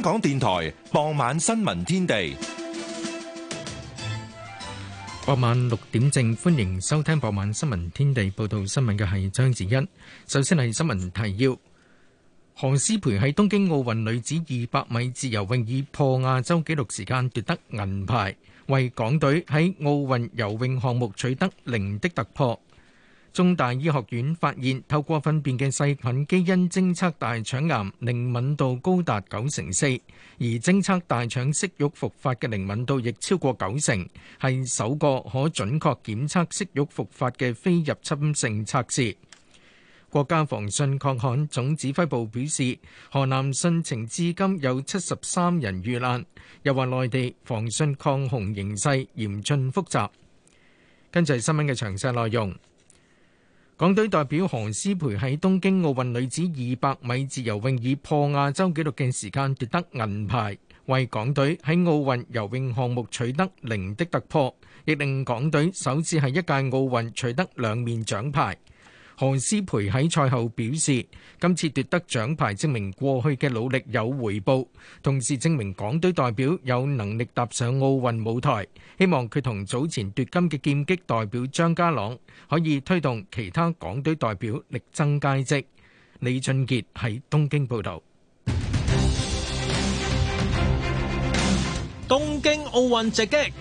香港電台傍晚新聞天地，傍晚六點正，歡迎收聽傍晚新聞天地。報道新聞嘅係張子欣。首先係新聞提要：何詩蓓喺東京奧運女子二百米自由泳以破亞洲紀錄時間奪得銀牌，為港隊喺奧運游泳項目取得零的突破。中大醫學院發現，透過糞便嘅細菌基因偵測大腸癌，靈敏度高達九成四；而偵測大腸息肉復發嘅靈敏度亦超過九成，係首個可準確檢測息肉復發嘅非入侵性測試。國家防汛抗旱總指揮部表示，河南汛情至今有七十三人遇難。又話內地防汛抗洪形勢嚴峻複雜。跟住係新聞嘅詳細內容。港隊代表何詩蓓喺東京奧運女子二百米自由泳以破亞洲紀錄嘅時間奪得銀牌，為港隊喺奧運游泳項目取得零的突破，亦令港隊首次喺一屆奧運取得兩面獎牌。何詩蓓喺賽後表示，今次奪得獎牌證明過去嘅努力有回報，同時證明港隊代表有能力踏上奧運舞台。希望佢同早前奪金嘅劍擊代表張家朗可以推動其他港隊代表力爭佳績。李俊傑喺東京報道。東京奧運直擊。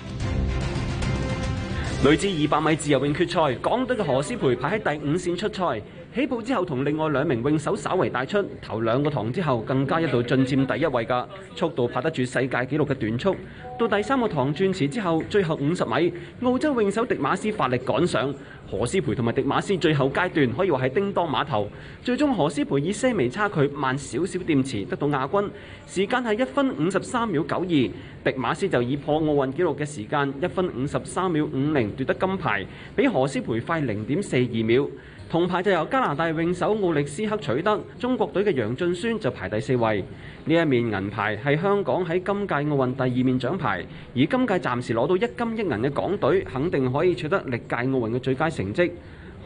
女子二百米自由泳決賽，港隊嘅何詩蓓排喺第五線出賽。起步之後同另外兩名泳手稍為帶出，頭兩個塘之後更加一度進占第一位嘅速度，拍得住世界紀錄嘅段速。到第三個塘轉池之後，最後五十米，澳洲泳手迪馬斯發力趕上何詩蓓同埋迪馬斯，最後階段可以話係叮當馬頭。最終何詩蓓以些微差距慢少少掂池，得到亞軍，時間係一分五十三秒九二。迪馬斯就以破奧運紀錄嘅時間一分五十三秒五零奪得金牌，比何詩蓓快零點四二秒。銅牌就由加拿大泳手奧力斯克取得，中國隊嘅楊浚瑄就排第四位。呢一面銀牌係香港喺今屆奧運第二面獎牌，而今屆暫時攞到一金一銀嘅港隊，肯定可以取得歷屆奧運嘅最佳成績。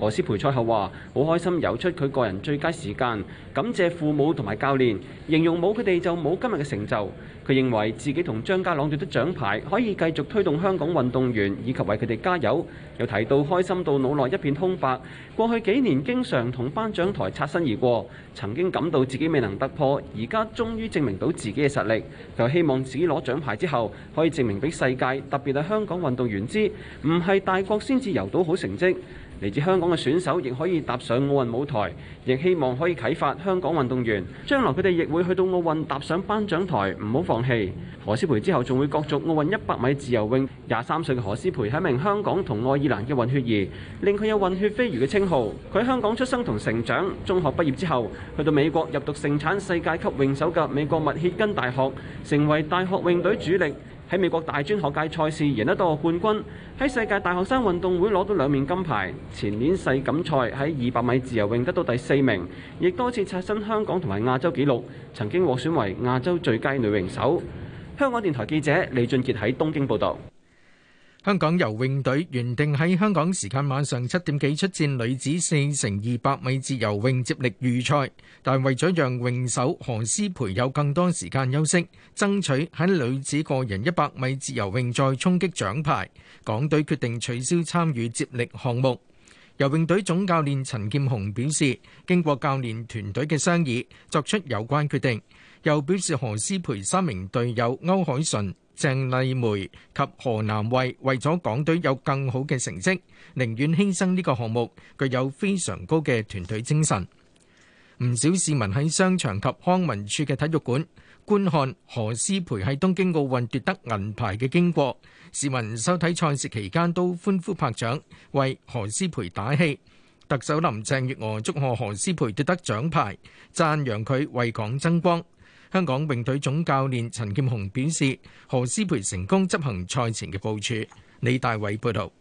羅斯培賽後話，好開心遊出佢個人最佳時間，感謝父母同埋教練，形容冇佢哋就冇今日嘅成就。佢認為自己同張家朗奪得獎牌，可以繼續推動香港運動員以及為佢哋加油。又提到開心到腦內一片空白，過去幾年經常同頒獎台擦身而過，曾經感到自己未能突破，而家終於證明到自己嘅實力。就希望自己攞獎牌之後可以證明俾世界，特別係香港運動員知，唔係大國先至游到好成績。嚟自香港嘅選手亦可以踏上奧運舞台，亦希望可以啟發香港運動員。將來佢哋亦會去到奧運踏上頒獎台，唔好放棄。何詩蓓之後仲會角逐奧運一百米自由泳。廿三歲嘅何詩蓓係一名香港同愛爾蘭嘅混血兒，令佢有混血飛魚嘅稱號。佢喺香港出生同成長，中學畢業之後去到美國入讀盛產世界級泳手嘅美國密歇根大學，成為大學泳隊主力。喺美國大專學界賽事贏得多個冠軍，喺世界大學生運動會攞到兩面金牌。前年世錦賽喺二百米自由泳得到第四名，亦多次刷新香港同埋亞洲紀錄，曾經獲選為亞洲最佳女泳手。香港電台記者李俊傑喺東京報道。。香港游泳隊原定喺香港時間晚上七點幾出戰女子四乘二百米自由泳接力預賽，但為咗讓泳手何詩蓓有更多時間休息，爭取喺女子個人一百米自由泳再衝擊獎牌，港隊決定取消參與接力項目。游泳隊總教練陳劍雄表示，經過教練團隊嘅商議，作出有關決定。又表示何詩蓓三名隊友歐鎧淳，鄭莉梅及何南慧為咗港隊有更好嘅成績，寧願犧牲呢個項目，具有非常高嘅團隊精神。唔少市民喺商場及康文署嘅體育館觀看何詩蓓喺東京奧運奪得銀牌嘅經過，市民收睇賽事期間都歡呼拍掌，為何詩蓓打氣。特首林鄭月娥祝賀何詩蓓奪得獎牌，讚揚佢為港爭光。香港泳隊總教練陳劍雄表示，何詩蓓成功執行賽前嘅部署。李大偉報道。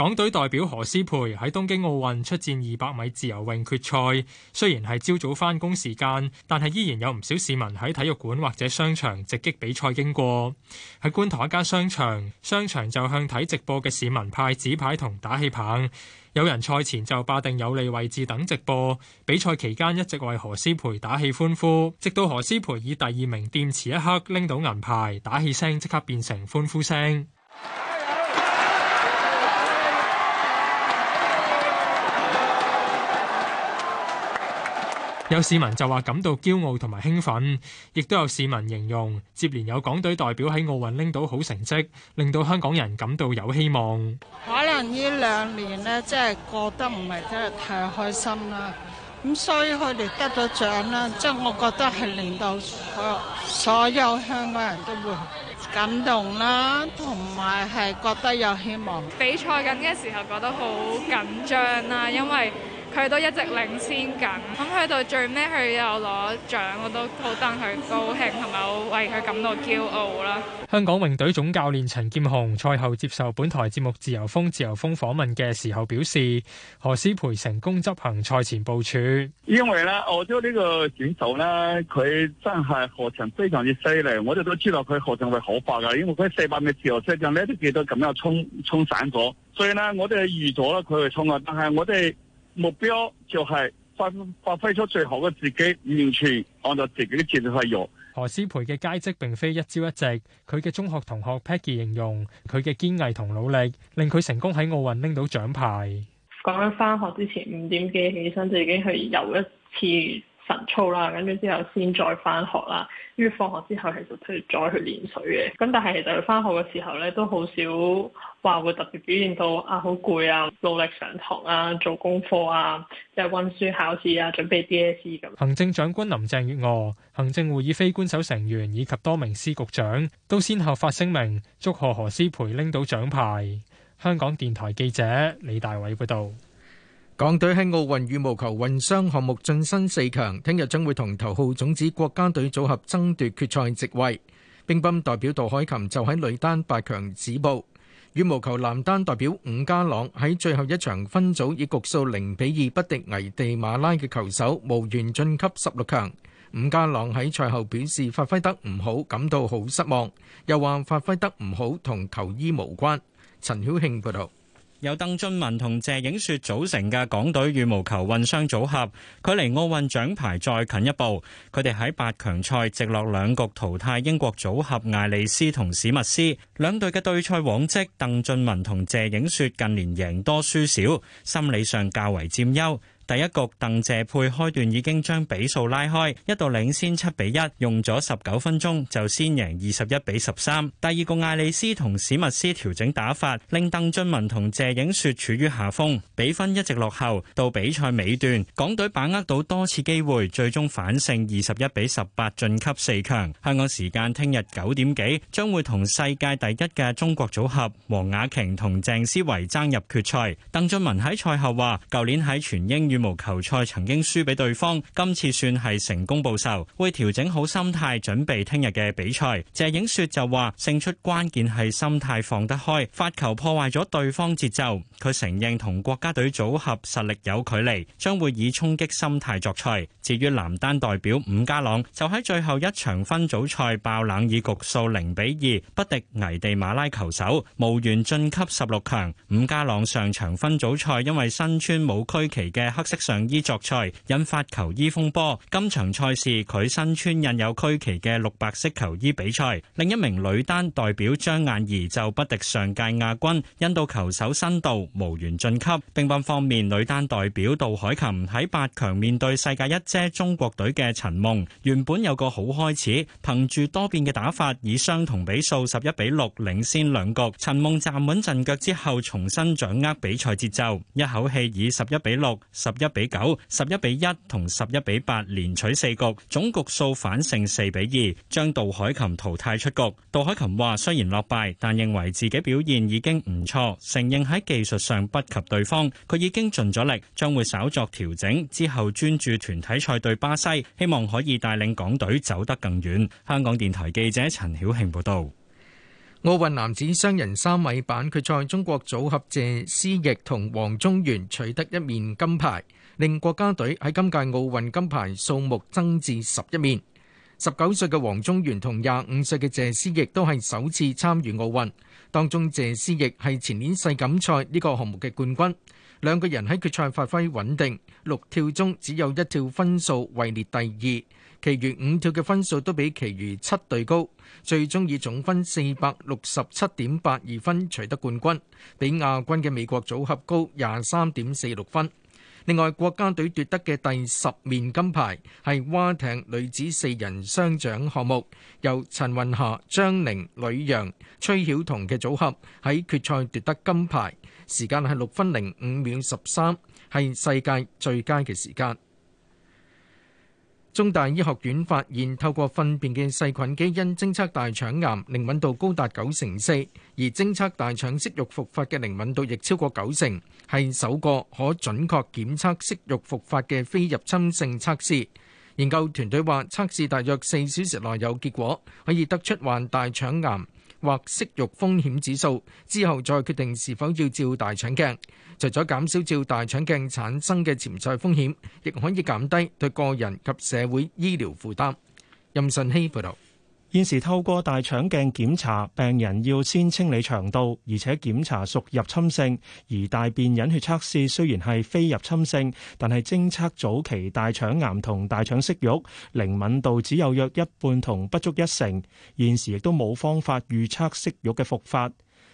港隊代表何詩蓓喺東京奧運出戰二百米自由泳決賽，雖然係朝早翻工時間，但係依然有唔少市民喺體育館或者商場直擊比賽經過。喺觀塘一間商場，商場就向睇直播嘅市民派紙牌同打氣棒，有人賽前就霸定有利位置等直播，比賽期間一直為何詩蓓打氣歡呼，直到何詩蓓以第二名掂池一刻拎到銀牌，打氣聲即刻變成歡呼聲。有市民就話感到驕傲同埋興奮，亦都有市民形容佢都一直領先緊，咁去到最尾佢又攞獎，我都好戥佢高興，同埋好為佢感到驕傲啦。香港泳隊總教練陳劍虹賽後接受本台節目《自由風》《自由風》訪問嘅時候表示：何詩蓓成功執行賽前部署。因為咧，澳洲呢個選手咧，佢真係何程非常之犀利，我哋都知道佢何程係可怕㗎，因為佢四百米自由車上呢，都見到咁樣衝衝散咗，所以呢，我哋預咗啦，佢去衝啊，但係我哋。目標就係發發揮出最好嘅自己，完全按照自己嘅潛質去用。何詩蓓嘅佳績並非一朝一夕，佢嘅中學同學 Peggy 形容佢嘅堅毅同努力，令佢成功喺奧運拎到獎牌。講緊翻學之前五點幾起身就已經去游一次。晨操啦，跟住之後先再翻學啦。於係放學之後，其實佢再去練水嘅。咁但係其實翻學嘅時候咧，都好少話會特別表現到啊，好攰啊，努力上堂啊，做功課啊，即係溫書考試啊，準備 DSE 咁。行政長官林鄭月娥、行政會議非官守成員以及多名司局長都先後發聲明，祝賀何詩蓓拎到獎牌。香港電台記者李大偉報導。港隊喺奧運羽毛球混雙項目晉身四強，聽日將會同頭號種子國家隊組合爭奪決賽席位。乒乓代表杜凱琹就喺女單八強止步。羽毛球男單代表伍家朗喺最後一場分組以局數零比二不敵危地馬拉嘅球手，無緣晉級十六強。伍家朗喺賽後表示發揮得唔好，感到好失望，又話發揮得唔好同球衣無關。陳曉慶報道。由鄧俊文同謝影雪組成嘅港隊羽毛球混雙組合，距離奧運獎牌再近一步。佢哋喺八強賽直落兩局淘汰英國組合艾利斯同史密斯。兩隊嘅對賽往績，鄧俊文同謝影雪近年贏多輸少，心理上較為佔優。第一局鄧謝佩開段已經將比數拉開，一度領先七比一，用咗十九分鐘就先贏二十一比十三。第二局艾利斯同史密斯調整打法，令鄧俊文同謝影雪處於下風，比分一直落後。到比賽尾段，港隊把握到多次機會，最終反勝二十一比十八晉級四強。香港時間聽日九點幾，將會同世界第一嘅中國組合黃雅瓊同鄭思維爭入決賽。鄧俊文喺賽後話：舊年喺全英羽毛球賽曾經輸俾對方，今次算係成功報仇，會調整好心態準備聽日嘅比賽。謝影雪就話勝出關鍵係心態放得開，發球破壞咗對方節奏。佢承認同國家隊組合實力有距離，將會以衝擊心態作賽。至於男單代表伍家朗就喺最後一場分組賽爆冷以局數零比二不敵危地馬拉球手，無緣晉級十六強。伍家朗上場分組賽因為身穿冇區旗嘅黑色上衣作賽，引發球衣風波。今場賽事佢身穿印有區旗嘅綠白色球衣比賽。另一名女單代表張雁宜就不敵上屆亞軍，印度球手辛杜無緣晉級。乒乓方面，女單代表杜凱琹喺八強面對世界一姐中國隊嘅陳夢，原本有個好開始，憑住多變嘅打法以相同比數十一比六領先兩局。陳夢站穩陣腳之後，重新掌握比賽節奏，一口氣以十一比六、十一比九、十一比一、同十一比八連取四局，總局數反勝四比二，將杜凱琹淘汰出局。杜凱琹話：雖然落敗，但認為自己表現已經唔錯，承認喺技術上不及對方，佢已經盡咗力，將會稍作調整之後專注團體賽對巴西，希望可以帶領港隊走得更遠。香港電台記者陳曉慶報道。奧運男子雙人三米板決賽，中國組合謝思埸同王宗源取得一面金牌，令國家隊喺今屆奧運金牌數目增至十一面。十九歲嘅王宗源同廿五歲嘅謝思埸都係首次參與奧運，當中謝思埸係前年世錦賽呢個項目嘅冠軍。兩個人喺決賽發揮穩定，六跳中只有一跳分數位列第二。其餘五跳嘅分數都比其餘七隊高，最終以總分四百六十七點八二分取得冠軍，比亞軍嘅美國組合高廿三點四六分。另外，國家隊奪得嘅第十面金牌係划艇女子四人雙槳項目，由陳雲霞、張寧、呂揚、崔曉彤嘅組合喺決賽奪得金牌，時間係六分零五秒十三，係世界最佳嘅時間。中大醫學院發現，透過糞便嘅細菌基因偵測大腸癌，靈敏度高達九成四，而偵測大腸息肉復發嘅靈敏度亦超過九成，係首個可準確檢測息肉復發嘅非入侵性測試。研究團隊話，測試大約四小時內有結果，可以得出患大腸癌或息肉風險指數之後再決定是否要照大腸鏡，除咗減少照大腸鏡產生嘅潛在風險，亦可以減低對個人及社會醫療負擔。任信希報導。現時透過大腸鏡檢查，病人要先清理腸道，而且檢查屬入侵性。而大便隱血測試雖然係非入侵性，但係偵測早期大腸癌同大腸息肉靈敏度只有約一半同不足一成。現時亦都冇方法預測息肉嘅復發。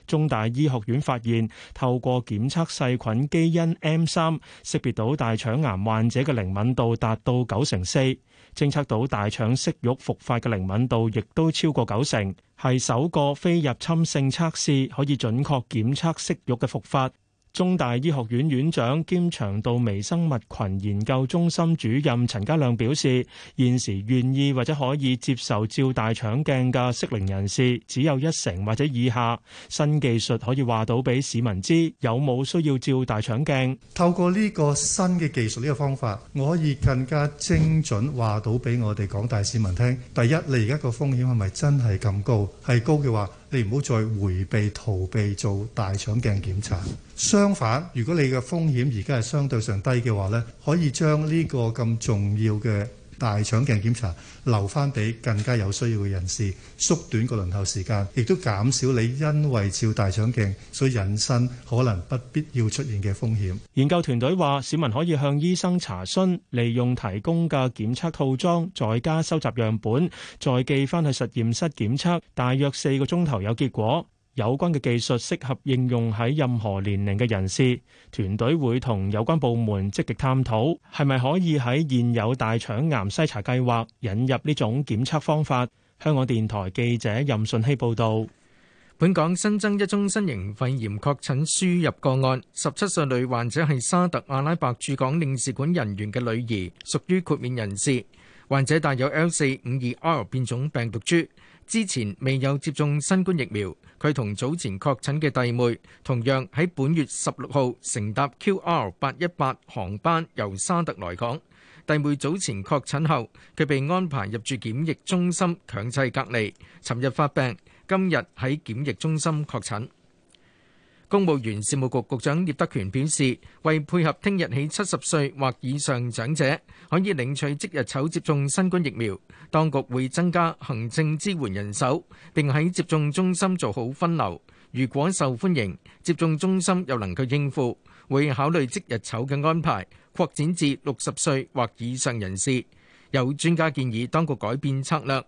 中大醫學院發現，透過檢測細菌基因 M 三，識別到大腸癌患者嘅靈敏度達到九成四。偵測到大腸息肉復發嘅靈敏度亦都超過九成，係首個非入侵性測試可以準確檢測息肉嘅復發。中大醫學院院長兼腸道微生物群研究中心主任陳家亮表示：現時願意或者可以接受照大腸鏡嘅適齡人士只有一成或者以下。新技術可以話到俾市民知，有冇需要照大腸鏡？透過呢個新嘅技術呢個方法，我可以更加精準話到俾我哋廣大市民聽。第一，你而家個風險係咪真係咁高？係高嘅話。你唔好再回避、逃避做大腸鏡檢查。相反，如果你嘅風險而家係相對上低嘅話咧，可以將呢個咁重要嘅大腸鏡檢查留翻俾更加有需要嘅人士，縮短個輪候時間，亦都減少你因為照大腸鏡，所以引申可能不必要出現嘅風險。研究團隊話，市民可以向醫生查詢，利用提供嘅檢測套裝，再加收集樣本，再寄翻去實驗室檢測，大約四個鐘頭有結果。有關嘅技術適合應用喺任何年齡嘅人士，團隊會同有關部門積極探討，係咪可以喺現有大腸癌篩查計劃引入呢種檢測方法。香港電台記者任信希報導，本港新增一宗新型肺炎確診輸入個案，十七歲女患者係沙特阿拉伯駐港領事館人員嘅女兒，屬於豁免人士。患者帶有 L 四五二 R 變種病毒株，之前未有接種新冠疫苗。佢同早前確診嘅弟妹，同樣喺本月十六號乘搭 QR 八一八航班由沙特來港。弟妹早前確診後，佢被安排入住檢疫中心強制隔離，尋日發病，今日喺檢疫中心確診。公務員事務局局長葉德權表示，為配合聽日起七十歲或以上長者可以領取即日籌接種新冠疫苗，當局會增加行政支援人手，並喺接種中心做好分流。如果受歡迎，接種中心又能夠應付，會考慮即日籌嘅安排擴展至六十歲或以上人士。有專家建議當局改變策略，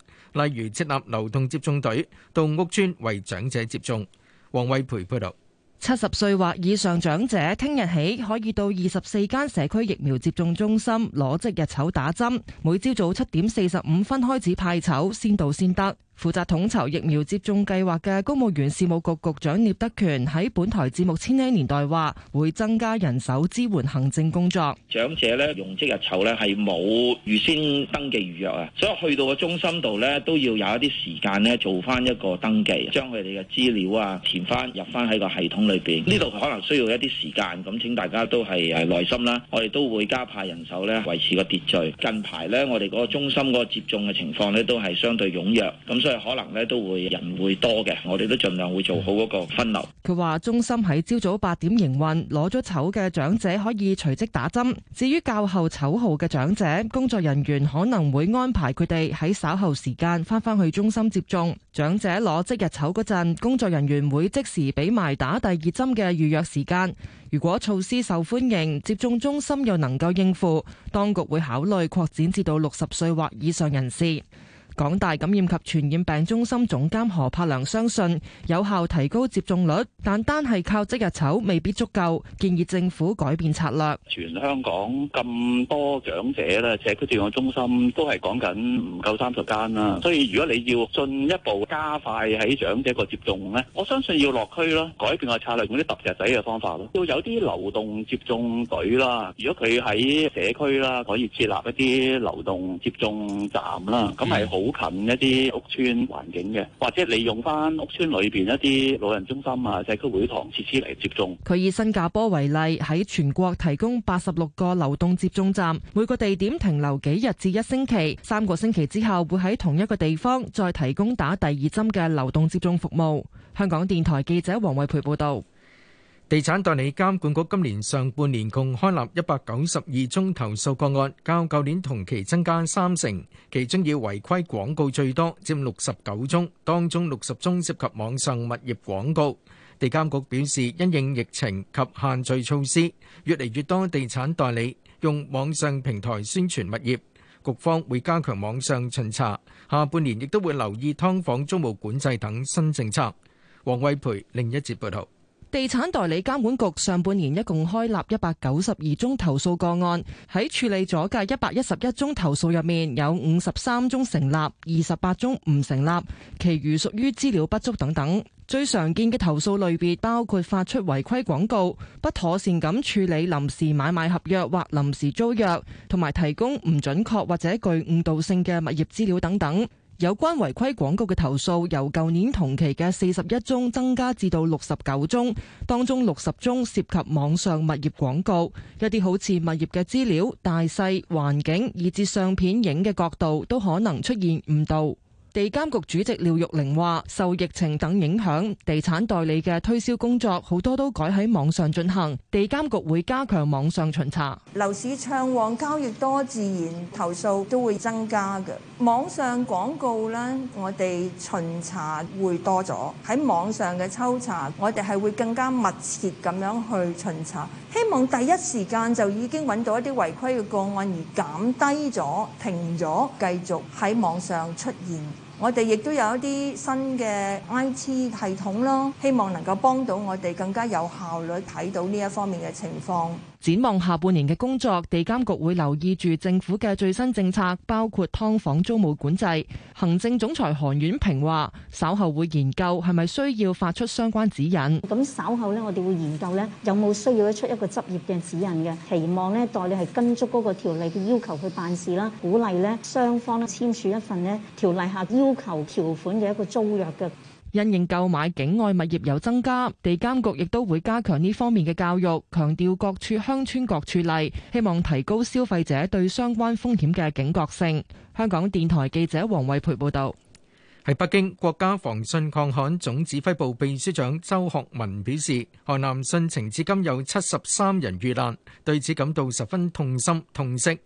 例如設立流動接種隊到屋邨為長者接種。王偉培報導。七十歲或以上長者，聽日起可以到二十四間社區疫苗接種中心攞即日籌打針，每朝早七點四十五分開始派籌，先到先得。負責統籌疫苗接種計劃嘅公務員事務局局長聶德權喺本台節目《千禧年代》話，會增加人手支援行政工作。長者咧，用即日籌咧，係冇預先登記預約啊，所以去到個中心度咧都要有一啲時間咧做翻一個登記，將佢哋嘅資料啊填翻入翻喺個系統裏邊。呢度可能需要一啲時間，咁請大家都係誒耐心啦。我哋都會加派人手咧維持個秩序。近排咧我哋嗰個中心嗰個接種嘅情況咧都係相對踴躍，咁。可能咧都會人會多嘅，我哋都盡量會做好嗰個分流。佢話中心喺朝早八點營運，攞咗籌嘅長者可以隨即打針。至於較後籌號嘅長者，工作人員可能會安排佢哋喺稍後時間翻返去中心接種。長者攞即日籌嗰陣，工作人員會即時俾埋打第二針嘅預約時間。如果措施受歡迎，接種中心又能夠應付，當局會考慮擴展至到六十歲或以上人士。港大感染及傳染病中心總監何柏良相信有效提高接種率，但單係靠即日籌未必足夠，建議政府改變策略了。好近一啲屋邨環境嘅，或者利用返屋邨裏邊一啲老人中心啊、社區會堂設施嚟接種。佢以新加坡為例，喺全國提供八十六個流動接種站，每個地點停留幾日至一星期，三個星期之後會喺同一個地方再提供打第二針嘅流動接種服務。香港電台記者黃惠培報道。地產代理監管局今年上半年共開立192宗投訴個案，較舊年同期增加三成，其中以違規廣告最多，佔69宗，當中60宗涉及網上物業廣告。地監局表示，因應疫情及限聚措施，越嚟越多地產代理用網上平台宣傳物業，局方會加強網上巡查，下半年亦都會留意劏房租務管制等新政策。王偉培，另一節報道。地產代理監管局上半年一共開立一百九十二宗投訴個案，喺處理咗嘅一百一十一宗投訴入面，有五十三宗成立，二十八宗唔成立，其餘屬於資料不足等等。最常見嘅投訴類別包括發出違規廣告、不妥善咁處理臨時買賣合約或臨時租約，同埋提供唔準確或者具誤導性嘅物業資料等等。有關違規廣告嘅投訴，由舊年同期嘅四十一宗增加至到六十九宗。當中六十宗涉及網上物業廣告，一啲好似物業嘅資料、大細、環境，以至相片影嘅角度，都可能出現誤導。地監局主席廖玉玲話，受疫情等影響，地產代理嘅推銷工作好多都改喺網上進行，地監局會加強網上巡查。樓市暢旺，交易多，自然投訴都會增加嘅。網上廣告咧，我哋巡查會多咗，喺網上嘅抽查，我哋係會更加密切咁樣去巡查。希望第一時間就已經揾到一啲違規嘅個案，而減低咗、停咗，繼續喺網上出現。我哋亦都有一啲新嘅 IT 系統咯，希望能夠幫到我哋更加有效率睇到呢一方面嘅情況。展望下半年嘅工作，地監局會留意住政府嘅最新政策，包括劏房租務管制。行政總裁韓婉平話，稍後會研究，係咪需要發出相關指引。咁稍後咧，我哋會研究咧，有冇需要出一個執業嘅指引嘅，期望咧代理係跟足嗰個條例嘅要求去辦事啦，鼓勵咧雙方咧簽署一份咧條例下要求條款嘅一個租約嘅。因應購買境外物業有增加，地監局亦都會加強呢方面嘅教育，強調各處鄉村各處例，希望提高消費者對相關風險嘅警覺性。香港電台記者黃惠培報道。喺北京，國家防汛抗旱總指揮部秘書長周學文表示，河南汛情至今有七十三人遇難，對此感到十分痛心痛惜。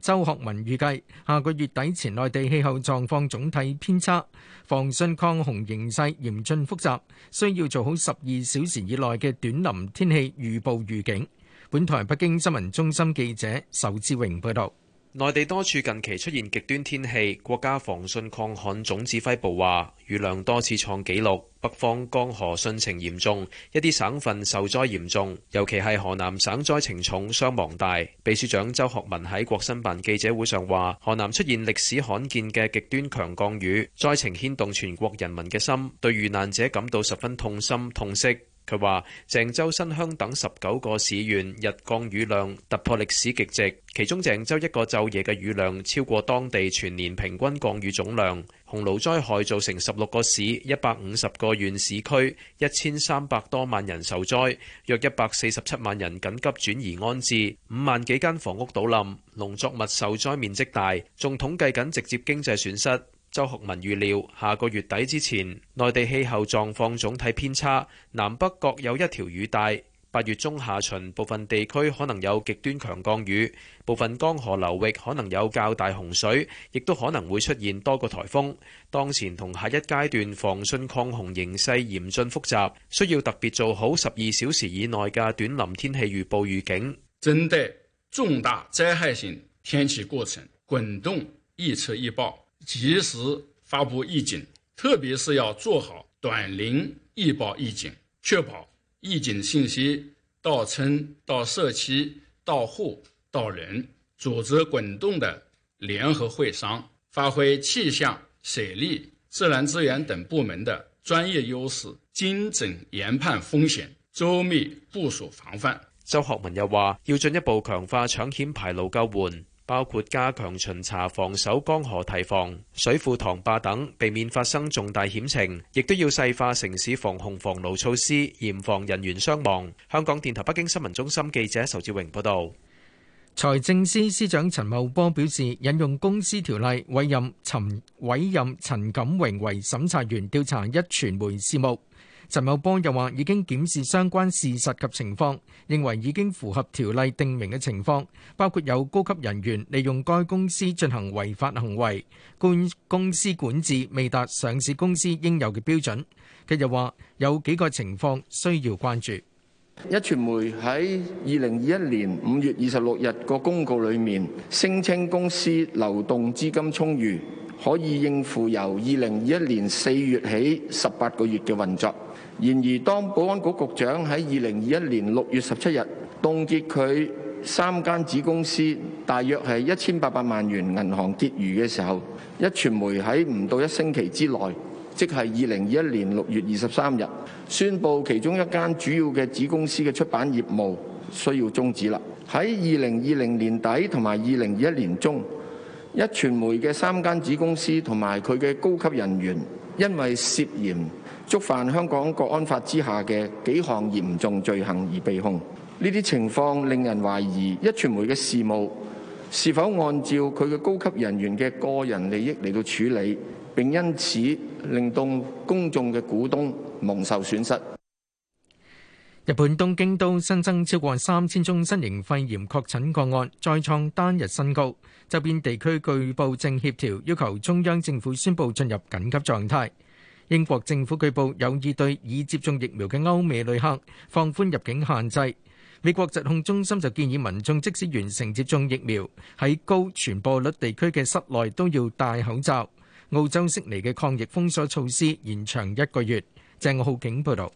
周學文預計，下個月底前內地氣候狀況總體偏差，防汛抗洪形勢嚴峻複雜，需要做好十二小時以內嘅短臨天氣預報預警。本台北京新聞中心記者仇志榮報道。內地多處近期出現極端天氣，國家防汛抗旱總指揮部話雨量多次創紀錄，北方江河汛情嚴重，一啲省份受災嚴重，尤其係河南省災情重，傷亡大。秘書長周學文喺國新辦記者會上話，河南出現歷史罕見嘅極端強降雨，災情牽動全國人民嘅心，對遇難者感到十分痛心痛惜。佢話：鄭州、新鄉等十九個市縣日降雨量突破歷史極值，其中鄭州一個晝夜嘅雨量超過當地全年平均降雨總量。洪澇災害造成十六個市、一百五十個縣市區、一千三百多萬人受災，約一百四十七萬人緊急轉移安置，五萬幾間房屋倒冧，農作物受災面積大，仲統計緊直接經濟損失。周學文預料，下個月底之前，內地氣候狀況總體偏差，南北各有一條雨帶。八月中下旬，部分地區可能有極端強降雨，部分江河流域可能有較大洪水，亦都可能會出現多個台風。當前同下一階段防汛抗洪形勢嚴峻複雜，需要特別做好十二小時以內嘅短臨天氣預報預警。針對重大災害性天氣過程，滾動預測預報。一及時發佈預警，特別是要做好短臨預報預警，確保預警信息到村、到社區、到戶、到人，組織滾動的聯合會商，發揮氣象、水利、自然資源等部門的專業優勢，精準研判風險，周密部署防範。周學文又話，要進一步強化搶險排澇救援。包括加強巡查防守江河堤防、水庫塘壩等，避免發生重大險情，亦都要細化城市防洪防澇措施，嚴防人員傷亡。香港電台北京新聞中心記者仇志榮報道。財政司司長陳茂波表示，引用公司條例委任陳委任陳錦榮為審查員調查一傳媒事務。陳茂波又話：已經檢視相關事實及情況，認為已經符合條例定明嘅情況，包括有高級人員利用該公司進行違法行為，管公司管治未達上市公司應有嘅標準。佢又話：有幾個情況需要關注。壹傳媒喺二零二一年五月二十六日個公告裡面，聲稱公司流動資金充裕，可以應付由二零二一年四月起十八個月嘅運作。然而，當保安局局長喺二零二一年六月十七日凍結佢三間子公司大約係一千八百萬元銀行結餘嘅時候，壹傳媒喺唔到一星期之內，即係二零二一年六月二十三日，宣布其中一間主要嘅子公司嘅出版業務需要終止啦。喺二零二零年底同埋二零二一年中，壹傳媒嘅三間子公司同埋佢嘅高級人員因為涉嫌觸犯香港《國安法》之下嘅幾項嚴重罪行而被控，呢啲情況令人懷疑壹傳媒嘅事務是否按照佢嘅高級人員嘅個人利益嚟到處理，並因此令到公眾嘅股東蒙受損失。日本東京都新增超過三千宗新型肺炎確診個案，再創單日新高。周邊地區據報正協調，要求中央政府宣布進入緊急狀態。英國政府據報有意對已接種疫苗嘅歐美旅客放寬入境限制。美國疾控中心就建議民眾即使完成接種疫苗，喺高傳播率地區嘅室內都要戴口罩。澳洲悉尼嘅抗疫封鎖措施延長一個月。鄭浩景報道。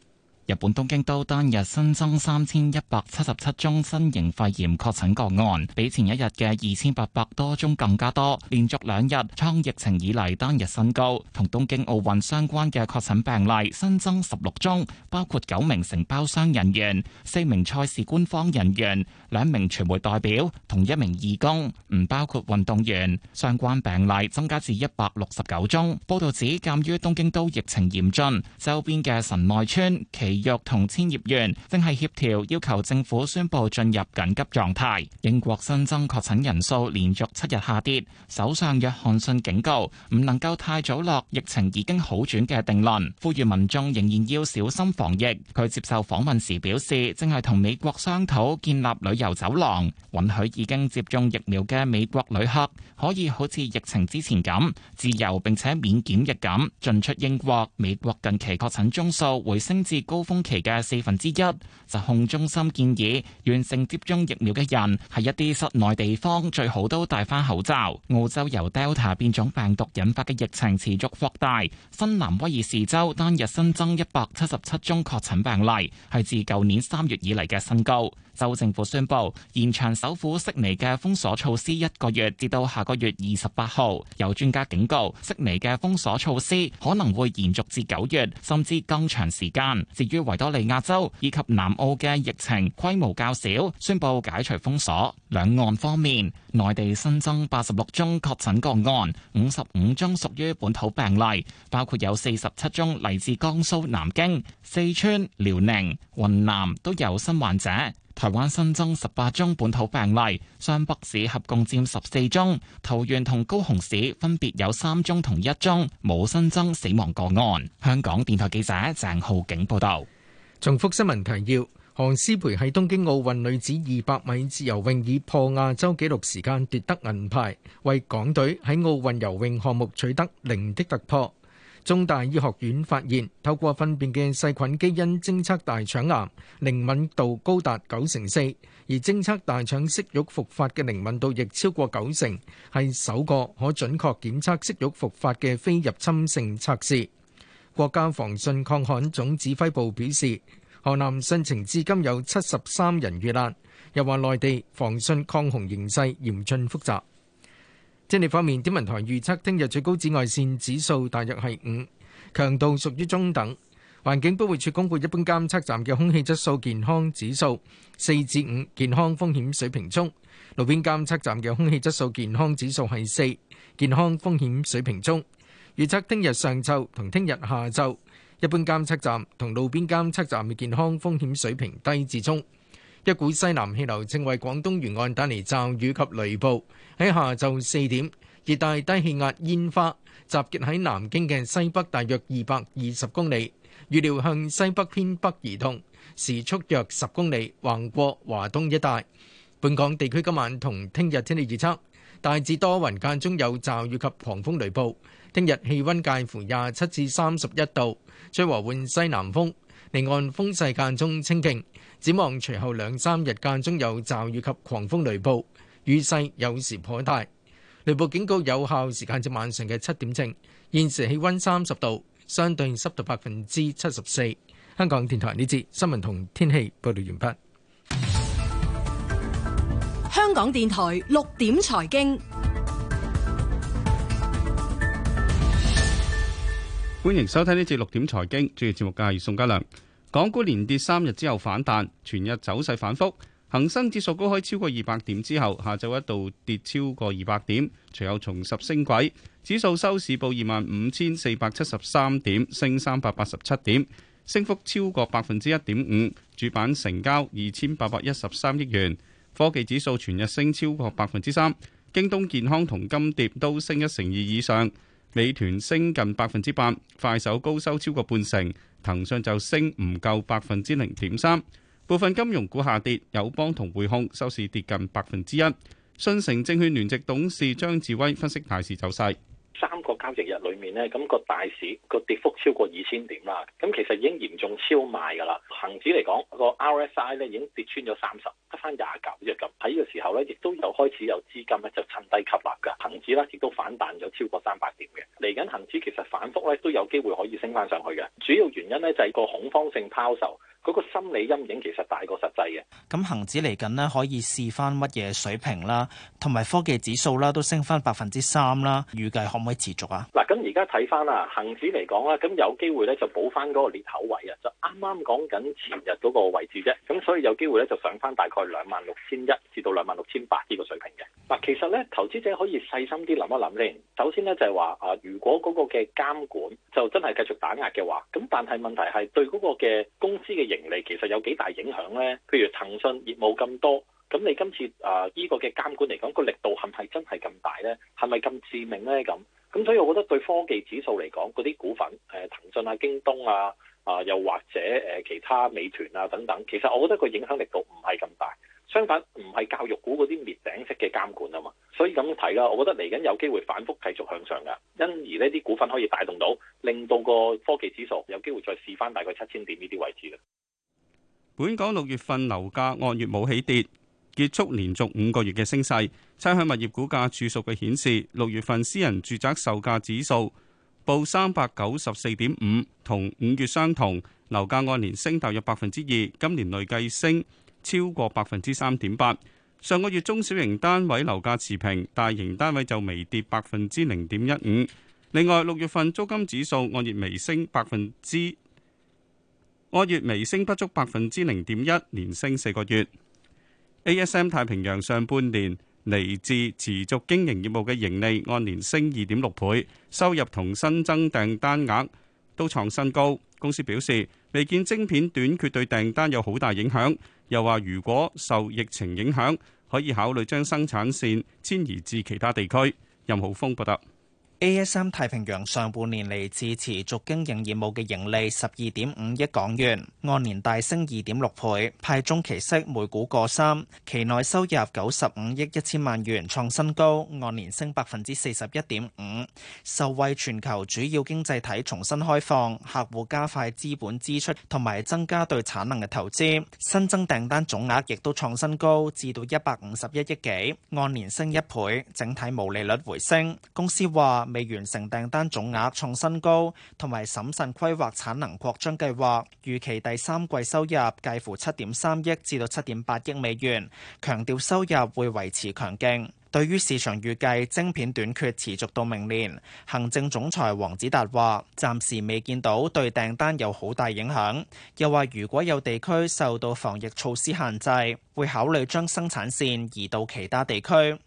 日本東京都單日新增三千一百七十七宗新型肺炎確診個案，比前一日嘅二千八百多宗更加多，連續兩日創疫情以嚟單日新高。同東京奧運相關嘅確診病例新增十六宗，包括九名承包商人員、四名賽事官方人員、兩名傳媒代表同一名義工，唔包括運動員。相關病例增加至一百六十九宗。報道指，鑑於東京都疫情嚴峻，周邊嘅神奈川其約同千葉縣正係協調，要求政府宣布進入緊急狀態。英國新增確診人數連續七日下跌。首相約翰遜警告唔能夠太早落疫情已經好轉嘅定論，呼籲民眾仍然要小心防疫。佢接受訪問時表示，正係同美國商討建立旅遊走廊，允許已經接種疫苗嘅美國旅客可以好似疫情之前咁自由並且免檢疫咁進出英國。美國近期確診宗數回升至高高峰期嘅四分之一，疾控中心建議完成接種疫苗嘅人喺一啲室內地方最好都戴翻口罩。澳洲由 Delta 變種病毒引發嘅疫情持續擴大，新南威爾士州單日新增一百七十七宗確診病例，係自舊年三月以嚟嘅新高。州政府宣布延長首府悉尼嘅封鎖措施一個月，至到下個月二十八號。有專家警告，悉尼嘅封鎖措施可能會延續至九月，甚至更長時間。至於維多利亞州以及南澳嘅疫情規模較少，宣布解除封鎖。兩岸方面，內地新增八十六宗確診個案，五十五宗屬於本土病例，包括有四十七宗嚟自江蘇南京、四川、遼寧、雲南都有新患者。台灣新增十八宗本土病例，雙北市合共佔十四宗，桃園同高雄市分別有三宗同一宗，冇新增死亡個案。香港電台記者鄭浩景報道。重復新聞提要：韓思培喺東京奧運女子二百米自由泳以破亞洲紀錄時間奪得銀牌，為港隊喺奧運游泳項目取得零的突破。中大醫學院發現，透過糞便嘅細菌基因偵測大腸癌，靈敏度高達九成四；而偵測大腸息肉復發嘅靈敏度亦超過九成，係首個可準確檢測息肉復發嘅非入侵性測試。國家防汛抗旱總指揮部表示，河南汛情至今有七十三人遇難。又話內地防汛抗洪形勢嚴峻複雜。天氣方面，天文台預測聽日最高紫外線指數大約係五，強度屬於中等。環境保護署公布一般監測站嘅空氣質素健康指數四至五，健康風險水平中。路邊監測站嘅空氣質素健康指數係四，健康風險水平中。預測聽日上晝同聽日下晝，一般監測站同路邊監測站嘅健康風險水平低至中。一股西南氣流正為廣東沿岸帶嚟驟雨及雷暴。喺下晝四點，熱帶低氣壓煙花集結喺南京嘅西北，大約二百二十公里，預料向西北偏北移動，時速約十公里，橫過華東一帶。本港地區今晚同聽日天氣預測大致多雲，間中有驟雨及狂風雷暴。聽日氣温介乎廿七至三十一度，吹和緩西南風。離岸風勢間中清勁，展望隨後兩三日間中有驟雨及狂風雷暴，雨勢有時頗大。雷暴警告有效時間至晚上嘅七點正。現時氣温三十度，相對濕度百分之七十四。香港電台呢節新聞同天氣報道完畢。香港電台六點財經。歡迎收聽呢節六點財經，主持節目嘅係宋家良。港股連跌三日之後反彈，全日走勢反覆。恒生指數高開超過二百點之後，下晝一度跌超過二百點，隨後重拾升軌。指數收市報二萬五千四百七十三點，升三百八十七點，升幅超過百分之一點五。主板成交二千八百一十三億元。科技指數全日升超過百分之三，京東健康同金蝶都升一成二以上。美團升近百分之八，快手高收超過半成，騰訊就升唔夠百分之零點三。部分金融股下跌，友邦同匯控收市跌近百分之一。信誠證券聯席董事張智威分析大市走勢。三個交易日裡面咧，咁個大市個跌幅超過二千點啦。咁其實已經嚴重超賣㗎啦。恒指嚟講，個 RSI 咧已經跌穿咗三十，得翻廿九啫咁。喺呢個時候咧，亦都有開始有資金咧就趁低吸納㗎。恒指咧亦都反彈咗超過三百點嘅。嚟緊恒指其實反覆咧都有機會可以升翻上去嘅。主要原因咧就係個恐慌性拋售。嗰個心理陰影其實大過實際嘅。咁恒指嚟緊呢，可以試翻乜嘢水平啦，同埋科技指數啦，都升翻百分之三啦。預計可唔可以持續啊？嗱，咁而家睇翻啦，恒指嚟講咧，咁有機會咧就補翻嗰個裂口位啊，就啱啱講緊前日嗰個位置啫。咁所以有機會咧就上翻大概兩萬六千一至到兩萬六千八呢個水平嘅。嗱，其實咧投資者可以細心啲諗一諗咧。首先咧就係話啊，如果嗰個嘅監管就真係繼續打壓嘅話，咁但係問題係對嗰個嘅公司嘅盈利其實有幾大影響呢？譬如騰訊業務咁多，咁你今次啊，依、呃呢個嘅監管嚟講個力度係咪真係咁大呢？係咪咁致命呢？咁咁，所以我覺得對科技指數嚟講嗰啲股份，誒、呃、騰訊啊、京東啊啊，又或者誒、呃、其他美團啊等等，其實我覺得個影響力度唔係咁大。相反，唔係教育股嗰啲滅頂式嘅監管啊嘛，所以咁睇啦。我覺得嚟緊有機會反覆繼續向上噶，因而呢啲股份可以帶動到，令到個科技指數有機會再試翻大概七千點呢啲位置嘅。本港六月份樓價按月冇起跌，結束連續五個月嘅升勢。差餉物業估價署數據顯示，六月份私人住宅售價指數報394.5，同五月相同，樓價按年升大約百分之二，今年累計升超過百分之三點八。上個月中小型單位樓價持平，大型單位就微跌百分之零點一五。另外，六月份租金指數按月微升百分之。按月微升不足百分之零點一，連升四個月。ASM 太平洋上半年嚟自持續經營業務嘅盈利按年升二點六倍，收入同新增訂單額都創新高。公司表示，未見晶片短缺對訂單有好大影響，又話如果受疫情影響，可以考慮將生產線遷移至其他地區。任浩峰報道。ASM 太平洋上半年嚟自持續經營業務嘅盈利十二點五億港元，按年大升二點六倍，派中期息每股個三，期內收入九十五億一千萬元，創新高，按年升百分之四十一點五。受惠全球主要經濟體重新開放，客戶加快資本支出同埋增加對產能嘅投資，新增訂單總額亦都創新高，至到一百五十一億幾，按年升一倍，整體毛利率回升。公司話。未完成訂單總額創新高，同埋審慎規劃產能擴張計劃，預期第三季收入介乎七點三億至到七點八億美元，強調收入會維持強勁。對於市場預計，晶片短缺持續到明年。行政總裁黃子達話，暫時未見到對訂單有好大影響。又話，如果有地區受到防疫措施限制，會考慮將生產線移到其他地區。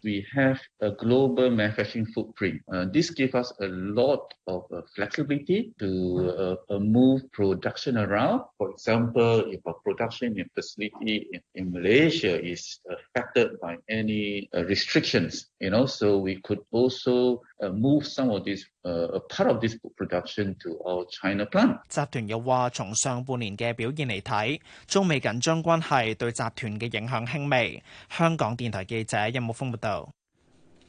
集團又話，從上半年嘅表現嚟睇，中美緊張關係對集團嘅影響輕微。香港電台記者任木峯報道。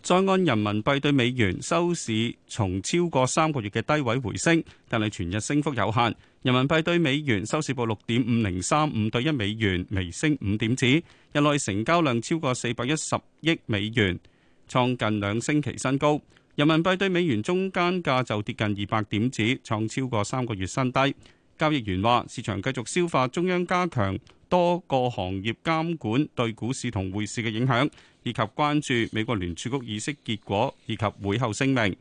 在岸人民幣對美元收市從超過三個月嘅低位回升，但係全日升幅有限。人民幣對美元收市報六點五零三五對一美元，微升五點子，日內成交量超過四百一十億美元，創近兩星期新高。人民幣對美元中間價就跌近二百點子，創超過三個月新低。交易員話：市場繼續消化中央加強多個行業監管對股市同匯市嘅影響，以及關注美國聯儲局議息結果以及會後聲明。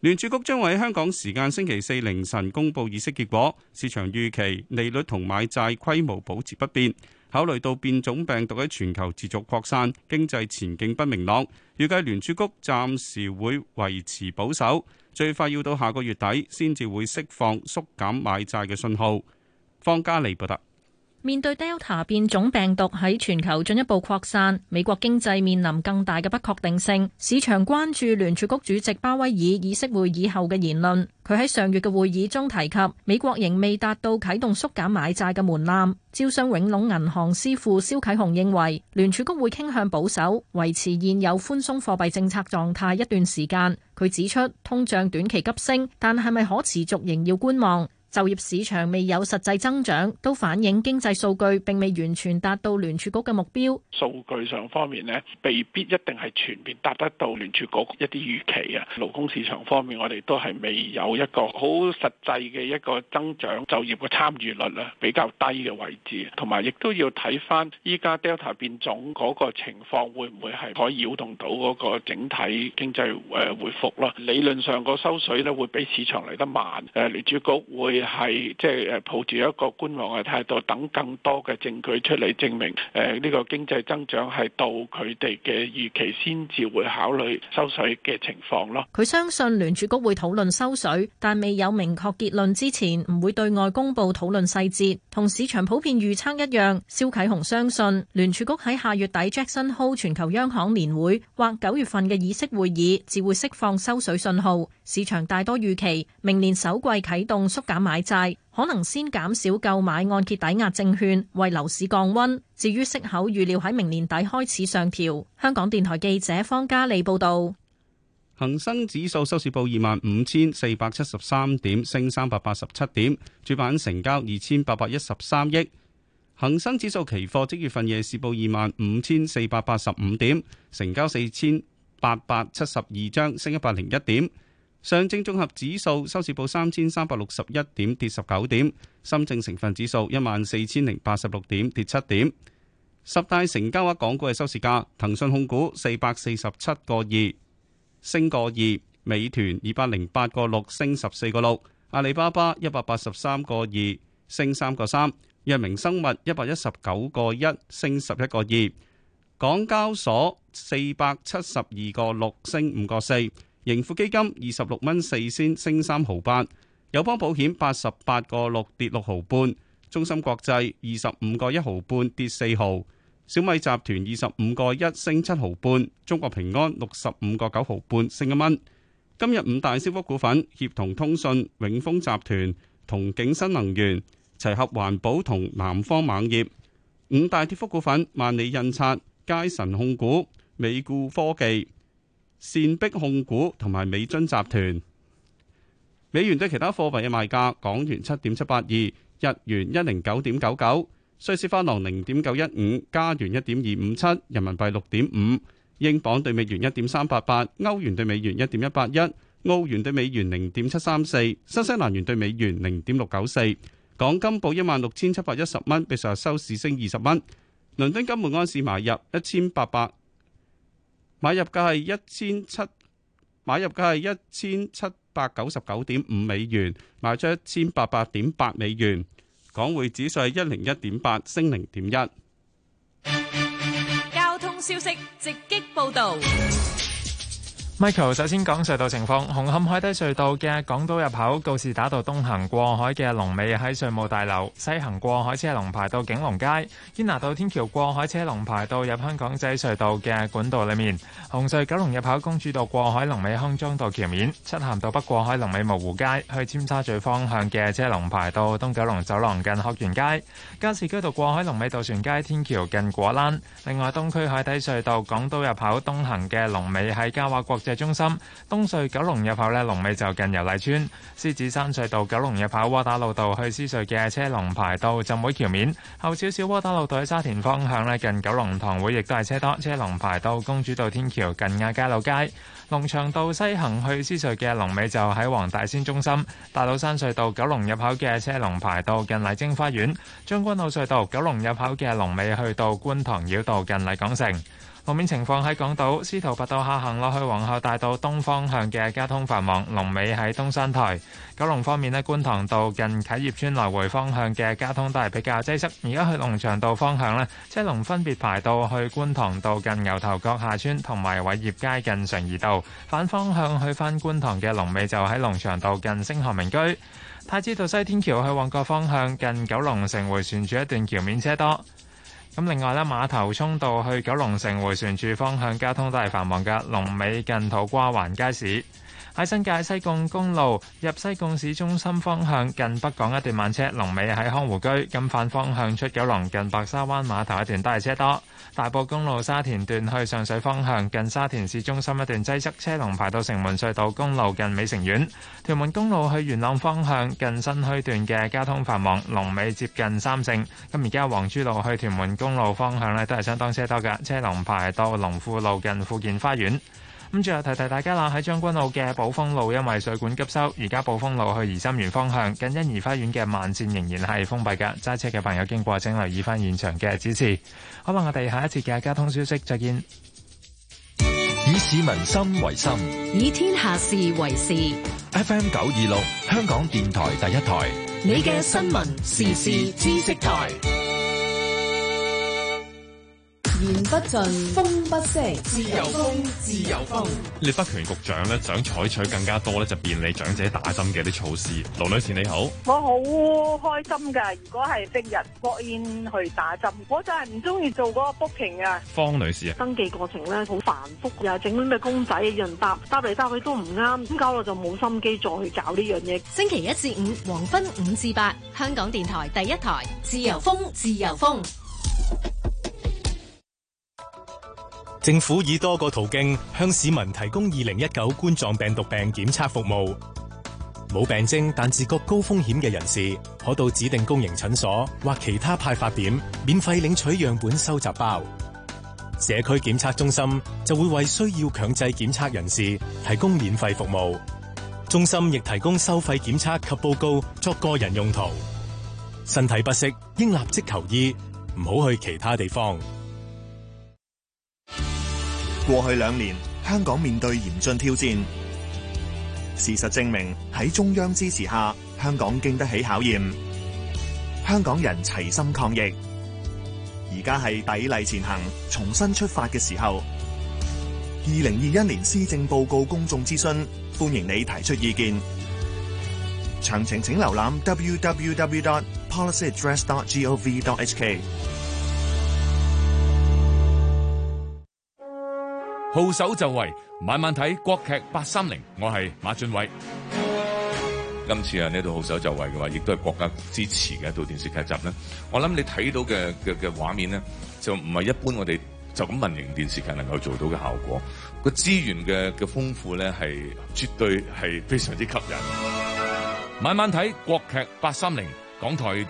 聯儲局將會喺香港時間星期四凌晨公布議息結果，市場預期利率同買債規模保持不變。考慮到變種病毒喺全球持續擴散，經濟前景不明朗，預計聯儲局暫時會維持保守，最快要到下個月底先至會釋放縮減買債嘅信號。方家利報道。面對 Delta 變種病毒喺全球進一步擴散，美國經濟面臨更大嘅不確定性，市場關注聯儲局主席鮑威爾議息會議後嘅言論。佢喺上月嘅會議中提及，美國仍未達到啟動縮減買債嘅門檻。招商永隆銀行師傅肖啟雄認為，聯儲局會傾向保守，維持現有寬鬆貨幣政策狀態一段時間。佢指出，通脹短期急升，但係咪可持續，仍要觀望。就業市場未有實際增長，都反映經濟數據並未完全達到聯儲局嘅目標。數據上方面咧，未必一定係全面達得到聯儲局一啲預期啊。勞工市場方面，我哋都係未有一個好實際嘅一個增長。就業嘅參與率啊比較低嘅位置，同埋亦都要睇翻依家 Delta 變種嗰個情況，會唔會係可以擾動到嗰個整體經濟誒回復啦？理論上個收水咧，會比市場嚟得慢。誒，聯儲局會，係即係誒，抱住一個觀望嘅態度，等更多嘅證據出嚟證明誒呢、呃這個經濟增長係到佢哋嘅預期先至會考慮收水嘅情況咯。佢相信聯儲局會討論收水，但未有明確結論之前，唔會對外公布討論細節。同市場普遍預測一樣，蕭啟雄相信聯儲局喺下月底 Jackson Hole 全球央行年會或九月份嘅議息會議至會釋放收水信號。市場大多預期明年首季啟動縮減買。買債可能先減少購買按揭抵押證券，為樓市降溫。至於息口，預料喺明年底開始上調。香港電台記者方嘉利報道。恒生指數收市報二萬五千四百七十三點，升三百八十七點，主板成交二千八百一十三億。恒生指數期貨即月份夜市報二萬五千四百八十五點，成交四千八百七十二張，升一百零一點。上證綜合指數收市報三千三百六十一點，跌十九點。深證成分指數一萬四千零八十六點，跌七點。十大成交額港股嘅收市價：騰訊控股四百四十七個二，升個二；美團二百零八個六，升十四個六；阿里巴巴一百八十三個二，升三個三；藥明生物一百一十九個一，升十一個二；港交所四百七十二個六，升五個四。盈富基金二十六蚊四仙升三毫八，友邦保險八十八個六跌六毫半，中芯國際二十五個一毫半跌四毫，小米集團二十五個一升七毫半，中國平安六十五個九毫半升一蚊。今日五大升幅股份：協同通信、永豐集團、同景新能源、齊合環保同南方猛業。五大跌幅股份：萬里印刷、佳神控股、美固科技、善碧控股同埋美津集團。美元對其他貨幣嘅賣價：港元七點七八二，日元一零九點九九，瑞士法郎零點九一五，加元一點二五七，人民幣六點五，英鎊兌美元一點三八八，歐元兌美元一點一八一，澳元兌美元零點七三四，新西蘭元兌美元零點六九四。港金報一萬六千七百一十蚊，比上日收市升二十蚊。倫敦金每盎司買入一千八百。買入價係一千七，買入價係一千七百九十九點五美元，賣出一千八百點八美元。港匯指數一零一點八，升零點一。交通消息直擊報道。Michael 首先講隧道情況，紅磡海底隧道嘅港島入口告士打道東行過海嘅龍尾喺稅務大樓西行過海車龍排到景隆街，堅拿道天橋過海車龍排到入香港仔隧道嘅管道裡面，紅隧九龍入口公主道過海龍尾康莊道橋面，漆咸道北過海龍尾蕪湖街去尖沙咀方向嘅車龍排到東九龍走廊近學園街，加士居道過海龍尾渡船街天橋近果欄，另外東區海底隧道港島入口東行嘅龍尾喺嘉華國嘅中心，東隧九龍入口咧，龍尾就近油麗邨；獅子山隧道九龍入口窩打老道去獅隧嘅車龍排到浸會橋面。後少少窩打老道喺沙田方向咧，近九龍塘會亦都係車多，車龍排到公主道天橋近亞皆老街。龍翔道西行去獅隧嘅龍尾就喺黃大仙中心。大老山隧道九龍入口嘅車龍排到近麗晶花園。將軍澳隧道九龍入口嘅龍尾去到觀塘繞道近麗港城。路面情況喺港島，司徒拔道下行落去皇后大道東方向嘅交通繁忙，龍尾喺東山台。九龍方面咧，觀塘道近啟業邨來回方向嘅交通都係比較擠塞。而家去龍翔道方向呢，車龍分別排到去觀塘道近牛頭角下邨同埋偉業街近常怡道。反方向去翻觀塘嘅龍尾就喺龍翔道近星河名居。太子道西天橋去旺角方向近九龍城迴旋處一段橋面車多。咁另外咧，馬頭涌道去九龍城回旋處方向交通都係繁忙㗎，龍尾近土瓜灣街市。喺新界西貢公路入西貢市中心方向，近北港一段慢車，龍尾喺康湖居；咁返方向出九龍近白沙灣碼頭一段都係車多。大埔公路沙田段去上水方向，近沙田市中心一段擠塞，車龍排到城門隧道公路近美城苑。屯門公路去元朗方向，近新墟段嘅交通繁忙，龍尾接近三聖。咁而家黃珠路去屯門公路方向呢，都係相當車多㗎，車龍排到龍富路近富健花園。跟住就提提大家啦，喺將軍澳嘅寶豐路，因為水管急修，而家寶豐路去怡心園方向，近欣怡花園嘅慢線仍然係封閉嘅。揸車嘅朋友經過，請留意翻現場嘅指示。好啦，我哋下一節嘅交通消息再見。以市民心為心，以天下事為事。FM 九二六，香港電台第一台，你嘅新聞時事知識台。言不盡，風不息，自由風，自由風。聶德權局長咧，想採取更加多咧，就便利長者打針嘅啲措施。盧女士，你好，我好開心㗎。如果係即日 walk in 去打針，我就係唔中意做嗰個 booking 啊。方女士啊，登記過程咧，好繁複，又整啲咩公仔，有人搭答嚟，搭去都唔啱，咁搞到就冇心機再去搞呢樣嘢。星期一至五黃昏五至八，香港電台第一台，自由風，自由風。政府以多個途徑向市民提供二零一九冠狀病毒病檢測服務。冇病徵但自覺高風險嘅人士，可到指定公營診所或其他派發點免費領取樣本收集包。社區檢測中心就會為需要強制檢測人士提供免費服務。中心亦提供收費檢測及報告，作個人用途。身體不適，應立即求醫，唔好去其他地方。過去兩年，香港面對嚴峻挑戰。事實證明，喺中央支持下，香港經得起考驗。香港人齊心抗疫，而家係砥礪前行、重新出發嘅時候。二零二一年施政報告公眾諮詢，歡迎你提出意見。詳情請瀏覽 www.dot.policyaddress.dot.gov.dot.hk。號手就位，晚晚睇國劇八三零。我係馬俊偉。今次啊呢套號手就位嘅話，亦都係國家支持嘅一套電視劇集咧。我諗你睇到嘅嘅嘅畫面咧，就唔係一般我哋就咁民營電視劇能夠做到嘅效果。個資源嘅嘅豐富咧，係絕對係非常之吸引。 晚晚睇國劇八三零，港台。